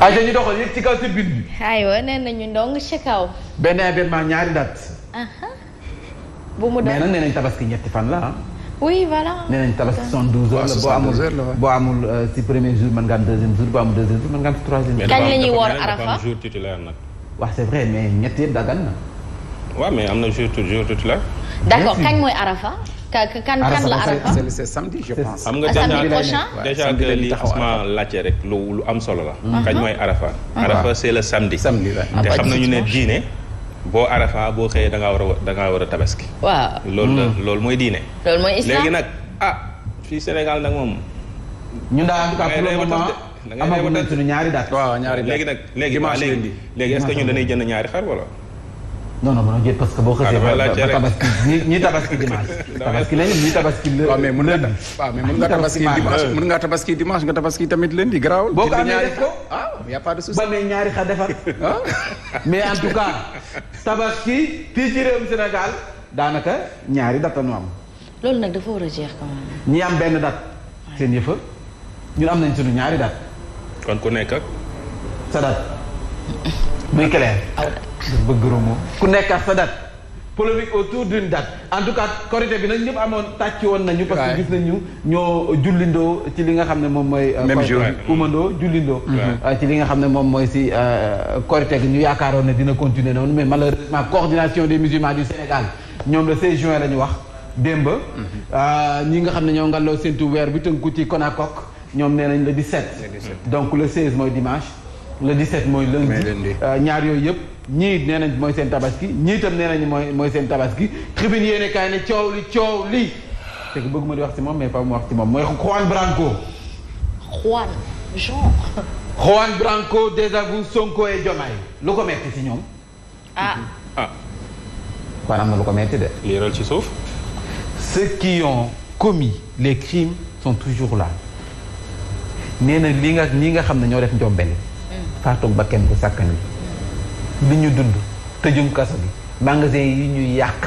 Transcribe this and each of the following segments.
ayca ñu doxal yëg ci kaw tribune bi. aywa nee nañu ndong ci kaw. benn événement ñaari date. bu mu doon mais nag nee nañ tabaski ñetti fan la ah. oui voilà. nee nañ tabaski soixante-douze heures la boo amul boo euh, premier jour mën nga am deuxième jour boo amul deuxième jour mën nga am troisième jour. kañ la ñuy woor arafa jour titulaire nag. waaw c'est vrai mais ñett yëpp dagan na. waaw mais am na jour jour la d'accord kañ mooy arafa. kan kan la Arafa ah? c'est samedi je pense. Ah, déjà que li Asma laajte rek lu lu am solo la. Mhm. kañ mooy Arafa. Mhm. Arafa c'est le samedi. samedi te xam nañu ne diine. boo Arafa boo xëyee danga war a da ngaa war a tabaski. waaw loolu la mm. mooy diine. loolu mooy islam léegi nag a ah, fii Sénégal nag moom. ñu daal da ngay ñaari dates. waaw ñaari léegi nag léegi est-ce que ñun dañuy jënd ñaari xar wala. non non mënoo jël parce que boo xasee ah, ba tabaski ñi tabaski dimanche tabaski lañu ñi tabaski mais mën nga waaw mais mën nga tabaski dimanche mën nga tabaski dimanche nga tabaski tamit lundi garaawul boo ko amee def ko ah y de souci mais ñaari xa defar ah. mais en tout cas tabaski fii ci Sénégal daanaka ñaari data nu am loolu nag dafa war a jeex quand même ñi am benn date seen yëfa ñun am nañ suñu ñaari date kon ku nekk sa date muy clair. bëgg romo ku nekk ak sa date. polémique autour d'une date en tout cas korité bi nag ñëpp amoon tàcc woon nañu parce que gis nañu ñoo jullindoo ci li nga xam ne moom mooy euh, même jour umandoo jullindoo euh, ci li nga xam ne moom mooy si euh, korité gi ñu yaakaaroon ne dina continuer noonu mais malheureusement coordination des musulmans du Sénégal ñoom la 16 juin la ñu wax démb mm-hmm. ñi nga xam ne ñoo ngalloo seentu weer bi tënku ci Konakok ñoom nee nañ le 17 donc le 16 mooy dimanche le 17 mooy lundi euh, ñaar yooyu yëpp ñii nee mooy seen tabaski ñii itam nee nañ mooy mooy seen tabaski tribune yéene kaay ne coow li coow li te bëgguma di wax ci moom mais fa mu wax ci moom mooy Juan Branco Juan Jean Juan Branco désavoue lu ko metti ci ñoom ah ah am na lu ko metti de leeral ci suuf ceux qui ont commis les crimes sont toujours là nee na li nga ñi nga xam ne ñoo def njombeli faatoog ba kenn bu sàkkan bi li ñu dund tëjum kaso bi magasin yi ñuy yàq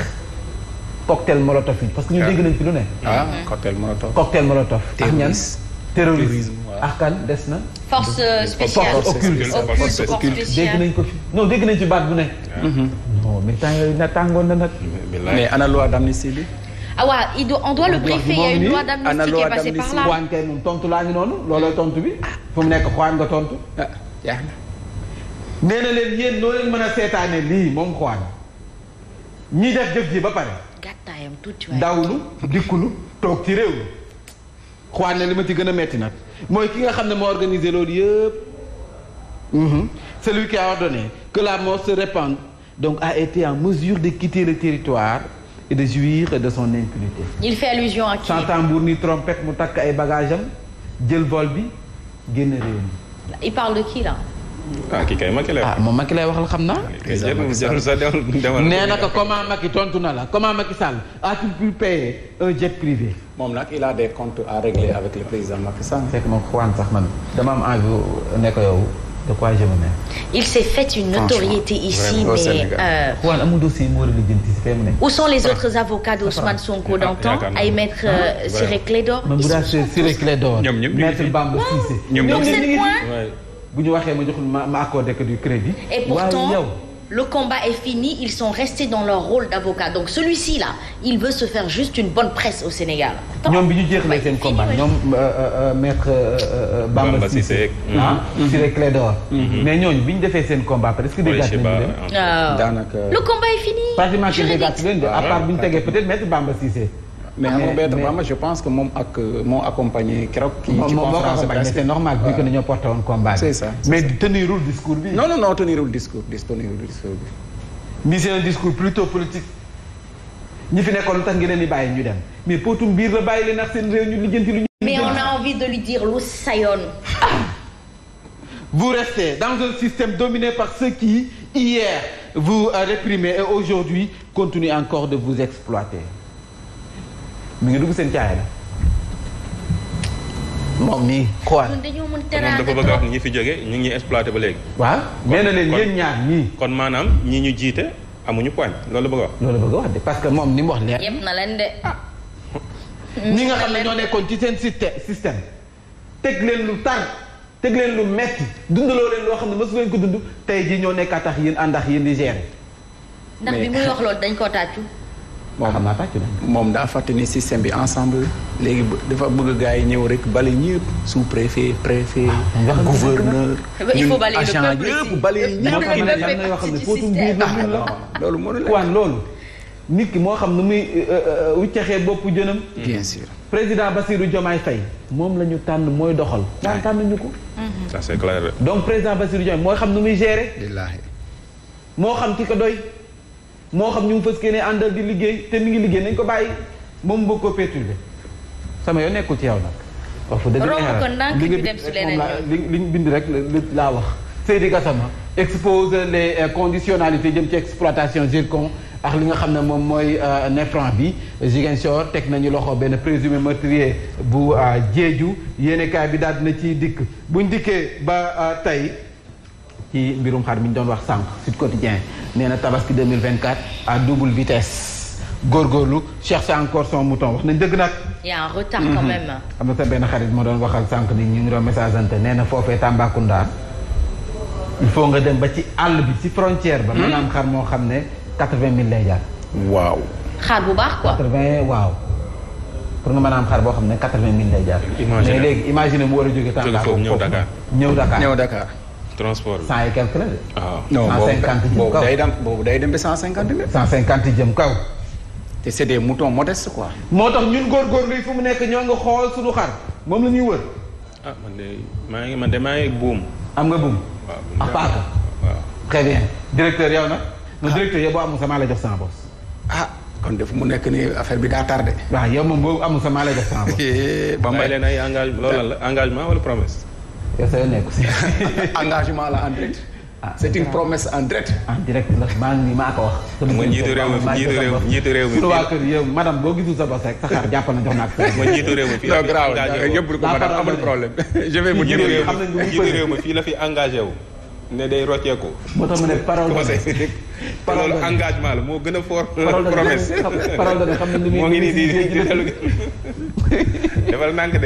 cocktail molotov yi parce que ñu ah. dégg nañ ci lu ne ah cocktail molotov cocktail molotov ak ñan des na force euh, spéciale force dégg nañ ko fi non dégg nañ ci baat bu ne mm-hmm. non mais tàngoon na nag mais ana loi d'amnistie bi ah waaw il doit on doit le briefer il y a une loi d'amnistie tontu laa ngi noonu loolooy tontu bi fu mu nekk xwaan nga tontu ah. jeex leen yéen noo leen mën a seetaane lii moom xawaan ñi def jëf ji ba pare. gàttaayam tuuti waay dawlu dikkulu toog ci réew mi xawaan na li ma ci gën a metti nag mooy ki nga xam ne moo organisé loolu yëpp. Mhm. celui qui a ordonné que la mort se répande donc a été en mesure de quitter le territoire. et de jouir de son impunité. il fait allusion à qui? ni trompette mu takk ay bagages jël vol bi génn réew mi. il parle de qui là. ah kii kay Macky lay wax ah moom Macky lay waxal xam naa. nee na ko comment Macky tontu na la comment Macky Sall a-t-il pu payer un jet privé. moom nag il a des comptes à régler avec le président Macky Sall. fekk moom xawaan sax man dama am envie ne ko yow. de quoi je me mêle. il s'est fait une notoriété ici mais. Euh, waaw moo di lijjanti si mu ne. où sont les autres avocats d'Ousmane Sonko d'antan ay maître euh, Ciré Clédor. ils sont tous Ciré Clédor maître Bamba Cissé. ñoom ñoom ñoom ñoom ñoom ñoom ñoom ñoom ñoom ñoom ñoom ñoom ñoom ñoom ñoom ñoom le combat est fini ils sont restés dans leur rôle d'avocat donc celui-ci là il veut se faire juste une bonne presse au Sénégal. ñoom bi ñu jeexalee seen combat ñoom maître Bamba Cissé ah mm-hmm. Ciré Clédor mm-hmm. mais ñooñu bi ñu defee seen combat après est-ce que dégâts daanaka le combat est fini. pratiquement dégâts leen de à ah part bi ñu tegee peut-être maître Bamba mais je pense que moom ak euh, moo accompagné keroog. kii ci conférence bi c'était normal vu que dañoo porté woon combat c'est ça mais tenirul discours non non non tenirul discours dis tenirul discours bi. un discours plutôt politique. ñi fi nekkoon lu tax ngeen ni bàyyi ñu dem mais potum biir la bàyyi leen ak seen réew ñu lijjanti lu ñu. mais on a envie de lui dire lu sayoon. vous restez dans un système dominé par ceux qui hier vous réprimaient et aujourd'hui continuent encore mi ngi dugg seen caay moom nii xool dañoo mën teraanga dafa bëgg ñi fi jóge ñu ngi exploité ba léegi. waaw nee na leen yéen ñaar ñii. kon maanaam ñi ñu jiite amuñu poigne loolu bëgg a wax. loolu que moom ni mu wax leer. yëpp na leen de ah. ñi nga xam ne ñoo nekkoon ci seen système teg leen lu tar teg leen lu metti dundaloo leen loo xam ne mësu leen ko dund tey jii ñoo nekk a tax yéen àndax yéen di gérer. ndax bi muy wax loolu dañ koo tàccu. xam naa tàcc na moom daa fàtte ni système bi ensemble léegi dafa bëgg gars yi ñëw rek bale ñëpp sous préfet préfet ah, gouverneur ñun agent yëpp bale ñëpp yoo xam ne footum biir na ah, loolu mënu la waan loolu nit ki moo xam nu muy euh, euh, euh, wuccaxee bopp jënam bien sûr président basiru Diomaye Faye moom la ñu tànn mooy doxal daan tànn ñu ko mhm. ça c'est clair donc président Bassirou Diomaye mooy xam nu muy gérer moo xam ki ko doy moo xam ñu mu fës ne àndal di liggéey te mi ngi liggéey nañ ko bàyyi moom bëgg ko perturbé sama yoon nekkul ci yow nag. wax dëgg li ñu bind rek laa wax. Seydi Gassama expose les euh, conditionnalités jëm ci exploitation zircon ak li nga xam ne moom mooy euh, nefran bi Ziguinchor teg nañu loxo benn présumé meurtrier bu Jeeju euh, yéenekaay bi daal dina ci dikk buñ dikkee ba tey ci mbirum xaar bi ñu doon wax sànq Sud Quotidien nee na tabaski 2024 à double vitesse góorgóorlu cherche encore son mouton wax nañ dëgg nag. y a mhm. am na sa benn xarit moo doon waxal sànq ni ñu ngi doon message ante nee na foofee Tambacounda il faut nga dem ba ci àll bi ci frontière ba. Mhm. maanaam xar moo xam ne quatre-vingt mille lay jaar. waaw. xaar bu baax quoi. quatre-vingt waaw. pour nga mën a am xar boo xam ne quatre-vingt mille lay jaar. imaginer mais léegi imaginer mu war a jóge. Tambacounda ñëw Dakar ñëw Dakar. transport bi cent et quelque la de. Ah. non boobu day dem boobu day dem ba cent cinquante mille. cent cinquante jëm kaw. te c'est des moutons modestes quoi. moo tax ñun góorgóorlu yi fu mu nekk ñoo ngi xool suñu xar moom la ñuy wër. ah man de maa ngi man de maa ngi buum. am nga buum. waaw ak paaka. waaw très bien directeur yow nag. ah directeur yow boo amul sama la jox sama boss. ah kon de fu mu nekk nii affaire bi daa tardé. waaw yow moom boo amul sama la jox sama boss. ba may leen ay engagement loolal la engagement wala promesse. yow sa yoon nekku si. engagement la en direct. ah c' est une promesse en direct. en la maa ngi nii ko wax. sama njiitu réew mi njiitu réew mi njiitu réew mi. suñu waa boo gisul sa bopp rek sa xar jàpp na la fi engagé wu. yëpp ko madame amul problème. je vais mu njiitu réew mi njiitu réew mi fii la fi engagé wu. ne day rocceeku. moo tax mu ne parole de. parole engagement la moo gën a fort. promesse parole de xam ne li muy. moo ngi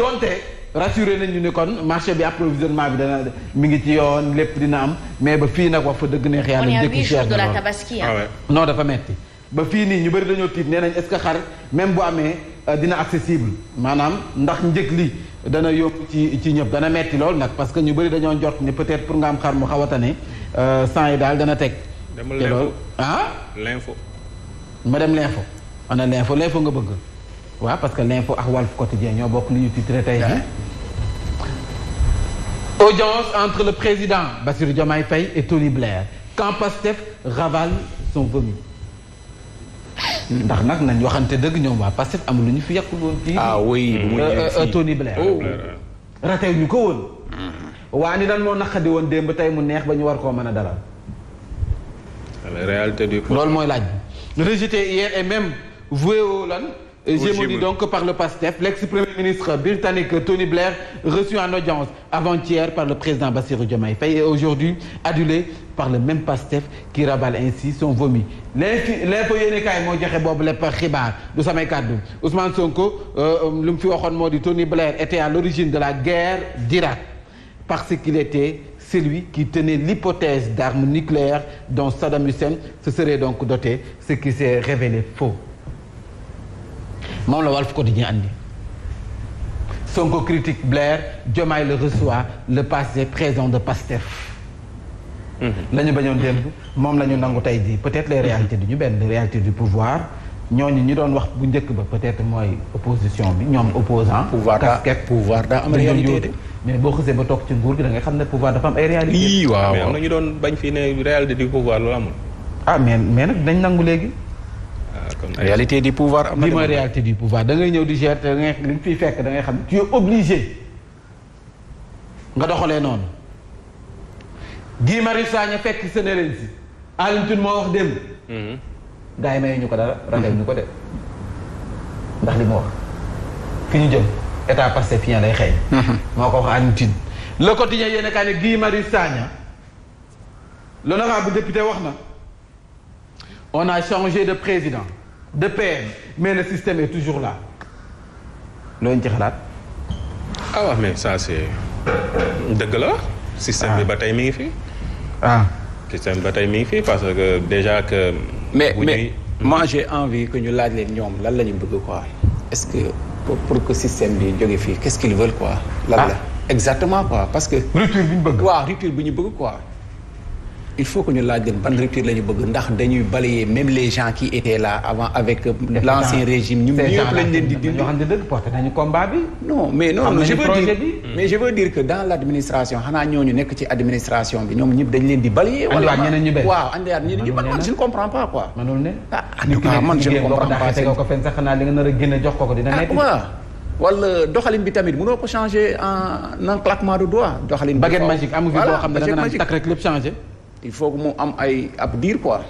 nii rassuré nañ ñu ni kon marché bi approvisionnement bi dana mu ngi ci yoon lépp dina am mais ba fii nag wax fa dëgg neex yàlla njëkk cher de la tabaski ah dafa metti ba fii nii ñu bëri dañoo tiit nee nañ est-ce que xar même bu amee euh, dina accessible maanaam ndax njëg li dana yóbbu ci ci ñëpp dana metti lool nag parce que ñu bëri dañoo njort ni peut-être pour nga am xar mu xaw a tane sang euh, yi daal dana teg te loolu ah l'info ma dem l'info ana l'info l'info nga bëgg waaw parce que l'info ak Walf Quotidien ñoo bokk li ñu titré tey jii audience entre le président Bassirou Diomaye Faye et Tony Blair quand Pastef ravale son vomi ndax nag nañ waxante dëgg ñoom waa Pastef am lu ñu fi yàqul woon ci ah oui euh, euh, euh, Tony Blair oh. ratew ñu ko woon mm-hmm. waa ni dan moo naqadi woon démb tey mu neex ba ñu war koo mën a dalal réalité loolu mooy laaj rejeté hier et même voué lan Gémeaux donc par le PASTEF l'ex-premier ministre britannique Tony Blair reçu en audience avant-hier par le président Bassirou Diomaye Faye et aujourd'hui adulé par le même PASTEF qui rabale ainsi son vomi l'info yéene kaay moo joxe boobu lépp xibaar du samay kàddu Ousmane Sonko euh, euh, lu mu fi moo di Tony Blair était à de la guerre d'Irak parce qu'il était celui qui tenait l'hypothèse d'armes nucléaires dont Saddam Hussein se serait donc doté ce qui s'est révélé faux moom la Walf Quotidien andi Sonko critique Blair jomaay le reçoit le passé présent de Pastef mhm. la ñu bañoon démb moom la ñu nangu tey jii peut-être les réalités du ñu benn les réalités du pouvoir ñooñu ñu doon wax bu njëkk ba peut-être mooy opposition bi ñoom opposant casquette pouvoir daa am réalité mais boo xësee ba toog ci nguur gi da nga xam ne pouvoir dafa am ay réalité yii waaw am na ñu doon bañ fii ne réalité du pouvoir loolu amul ah mais nag dañ nangu léegi réalité du pouvoir am na. li mooy réalité du pouvoir da ngay ñëw di gérer da ngay li fiy fekk da ngay xam tu es obligé nga doxalee noonu. Guy Marius Sagna fekk Sénégalais si Alioune moo wax démb. Mhm. gars yi mayuñu ko dara. rafet ñu ko def ndax li mu wax fi ñu jëm état passé fi lay xëy. Mhm. moo ko wax Alioune Tine. le quotidien yéen a kaay ne Guy Marius Sagna l'honorable wax na on changé de président de PM mais le système est toujours là looñu ci xalaat. ah waaw mais ça c'est dëgg la. système bi ah. ba tey mi ngi fi. ah système ba tey mi ngi fi parce que déjà que. mais mais moi j'ai envie que ñu laaj leen ñoom lan la ñu bëgg quoi est-ce que pour que système bi jóge fii qu'est-ce qu'ils veulent quoi. lan ah. la exactement quoi parce que. rupture bi ñu bëgg. waaw rupture bi ñu bëgg quoi. il faut que ñu laaj leen ban rupture la bëgg ndax dañuy balayer même les gens qui étaient là avant avec euh, l'ancien régime ñun ñëpp lañ leen di dindi ñoo xam ne dëgg porté nañu combat bi non mais non non je mm. nekk ci administration bi ñoom ñëpp dañ leen di balayer waaw andiwaat ñeneen ñu man man je ne comprends pas quoi manul ne ah man je ne comprends pas ko a ah, doxalin bi tamit mënoo ko changer en claquement de doigts doxalin baguette magique amu fi boo xam ne il faut mu am ay ab diir quoi.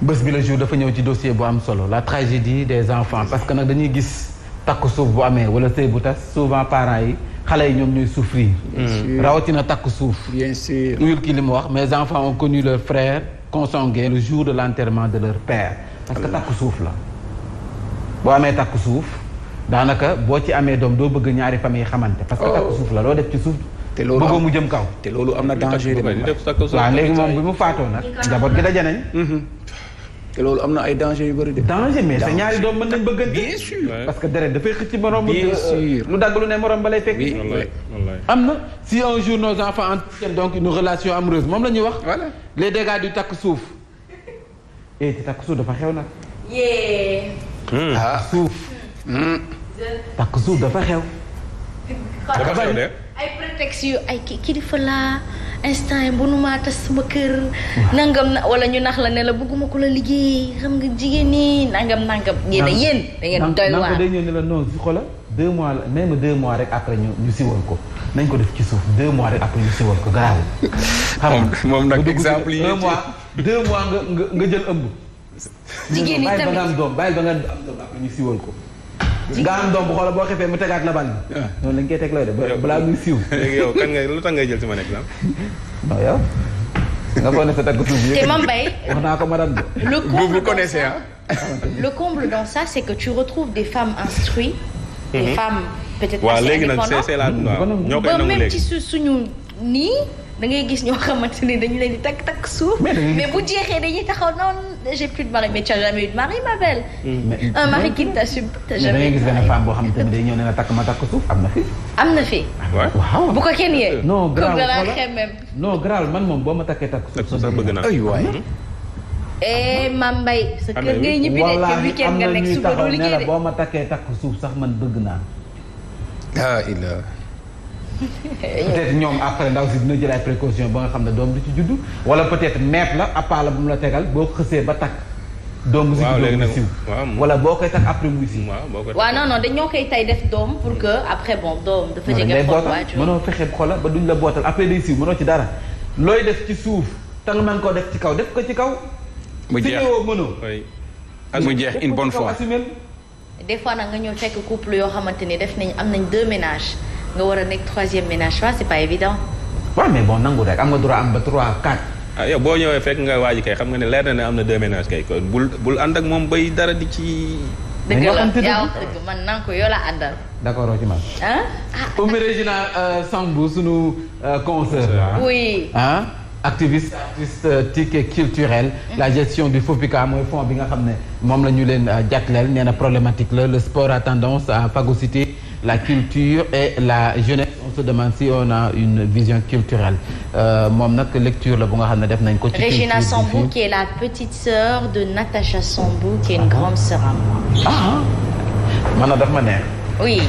bés bi la jour dafa ñëw ci dossier bu am solo la tragédie des enfants parce que nag dañuy gis takk suuf bu amee wala sëy bu tas souvent parents yi xale yi ñoom ñooy souffrir. rawatina takk suuf. bien sûr uyul li mu wax mais enfants ont connu leur frère consanguin le jour de l'enterrement de leur père. parce que takk suuf la boo amee takk suuf daanaka boo ci amee doom doo bëgg ñaari famille xamante. parce que oh. takk suuf la loo def ci suuf. te loolu bëggoo mu jëm kaw. te loolu a na danger de. waaw léegi moom bi mu faatoo nag. njaboot gi daje mm-hmm. loolu am na ay danger yu bëri de. danger mais sa doom mën nañ bëggante. bien parce que deret dafay xëcc morom. bien sûr lu dagg lu ne morom ba lay am na si un jour nos enfants entretiennent donc une relation amoureuse moom la ñuy wax. voilà les dégâts du takk suuf. eh ci dafa xew nag. yee. Hmm. ah hmm. suuf. dafa xew. ay prétexte yu ay kilifa laa instant yi mënumaa tas suma kër. nangam na wala ñu nax la ne la bëgguma ko la liggéey xam nga jigéen ñi nangam nangam. yéen a yéen da ngeen doy waar la non xoolal deux mois la même deux mois rek après ñu ñu siwal ko nañ ko def ci suuf deux mois rek après ñu ko garaawul. xam nga moom nag exemple yi mois deux mois nga nga jël ëmb. jigéen ñi tamit bàyyi ba nga am doom bàyyi ba nga am ko. nga am doom bu xoolal boo xefee mu tegaat la bal bi. Ah. noonu lañ koy teg looy def balaa muy siiw. léegi yow kan ngay lu tax ngay jël ci man exemple. non yow. nga foog sa takku suuf bi. te Mame Mbaye. wax naa ko madame de. le comble vous vous connaissez ah. le comble dans ça c'est que tu retrouves des femmes instruites. des mm-hmm. femmes peut la ñoo koy nangu léegi ba même ci suñu nii. da ngay gis ñoo xamante ni dañu leen tak takk suuf. mais bu jeexee dañuy taxaw noonu j'ai plus de mari mais tu ma belle. Mm, un mari qui t'assume. t'as jamais mais da ngay boo xamante ne day ñëw ne takk ma takk suuf am na fi. am na fi. Ah waaw bu ko kenn yee. non graal xemem non graal man moom boo ma takkee tak suuf. takk suuf bëgg naa ay waay. Mm-hmm. eh Mame Mbaye. sa kër ngay ñibbi de ci weekend nga nekk boo ma takkee takk suuf sax man bëgg naa. ah peut-être ñoom après ndaw si dina jël ay précaution ba nga xam ne doom du ci judd wala peut-être meet la appaa la bu mu la tegal boo xësee ba takk doom si doom siw wala boo koy takk après muy siw waaw non non dañoo koy tay def doom pour que après bon doom dafa jege xool waajur ba duñ la bootal après day siw mënoo ci dara looy def ci suuf te nga koo def ci kaw def ko ci kaw mu jeex sinéoo mënoo mu jeex une bonne fois des fois nag nga ñëw fekk couple yoo xamante ni def nañ am nañ deux ménages nga war a nekk troisième ménage waaw c'est pas évident. waaw mais bon nangu rek am nga droit am ba trois quatre. ah yow boo ñëwee fekk nga waaj kay xam nga ne leer na ne am na deux ménages kay kon bul bul ànd ak moom bay dara di ci. dëgg la yaa dëgg man nan ko yoo la àndal. d'accord ci man. ah euh, sunu euh, conseil. oui ah. activiste artistique euh, et culturel mm. la gestion du FOPICA mooy fond bi nga xam ne moom la ñu leen jàkkleel nee na problématique la le sport a tendance à la culture et la jeunesse on se demande si on a une vision culturelle euh, moom nag lecture la bu nga xam ne def nañ ko. ci Régina Sambou qui est la petite sœur de Natacha Sambou qui est une ah. grande sœur à moi. ah ma neex. oui.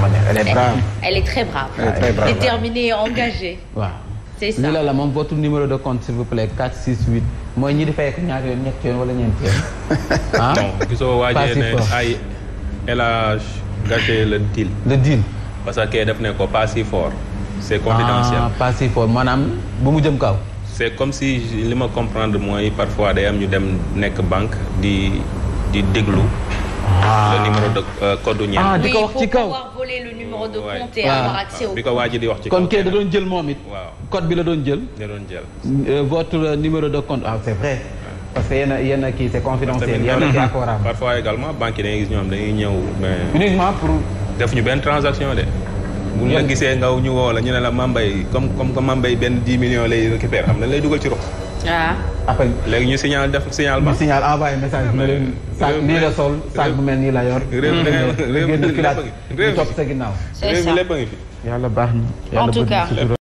ma neex elle est brave. elle est très brave. elle est très brave déterminée la la moom votre numéro de compte s'il vous plaît 4 6 8 mooy ñi di fay ko ñaari yoon ñetti yoon wala ñeenti yoon. Ah. gâché le deal. le deal. parce que def ne ko pas si fort. c' est confidentiel ah pas si fort maanaam bu mu jëm kaw. c' est comme si li ma comprendre mooy parfois de am ñu dem nekk banque di di déglu. Ah. le numéro de euh, code ñeent. ah di ko wax ci kaw voler le ah. ko waa di wax ci kaw kon kay da doon jël moom it. waaw code bi la doon jël. da doon jël. Euh, votre numéro de compte ah c' vrai. parce que yenn yenn kii c'est confidentiel yenn kii accord am parfois également banque yi dañuy gis ñoom dañuy ñëw mais uniquement pour def ñu benn transaction de bu ñu la gisee nga ñu woo la ñu ne la Mambay comme comme que Mambay benn 10 millions lay récupère xam ne lay dugal ci rox waaw ah. après léegi ñu signal def signal ba. ñu signal envoyé message bi la sol sac bu mel nii la yor. réew mi lépp a ngi fi sa ginnaaw. yàlla baax na. en tout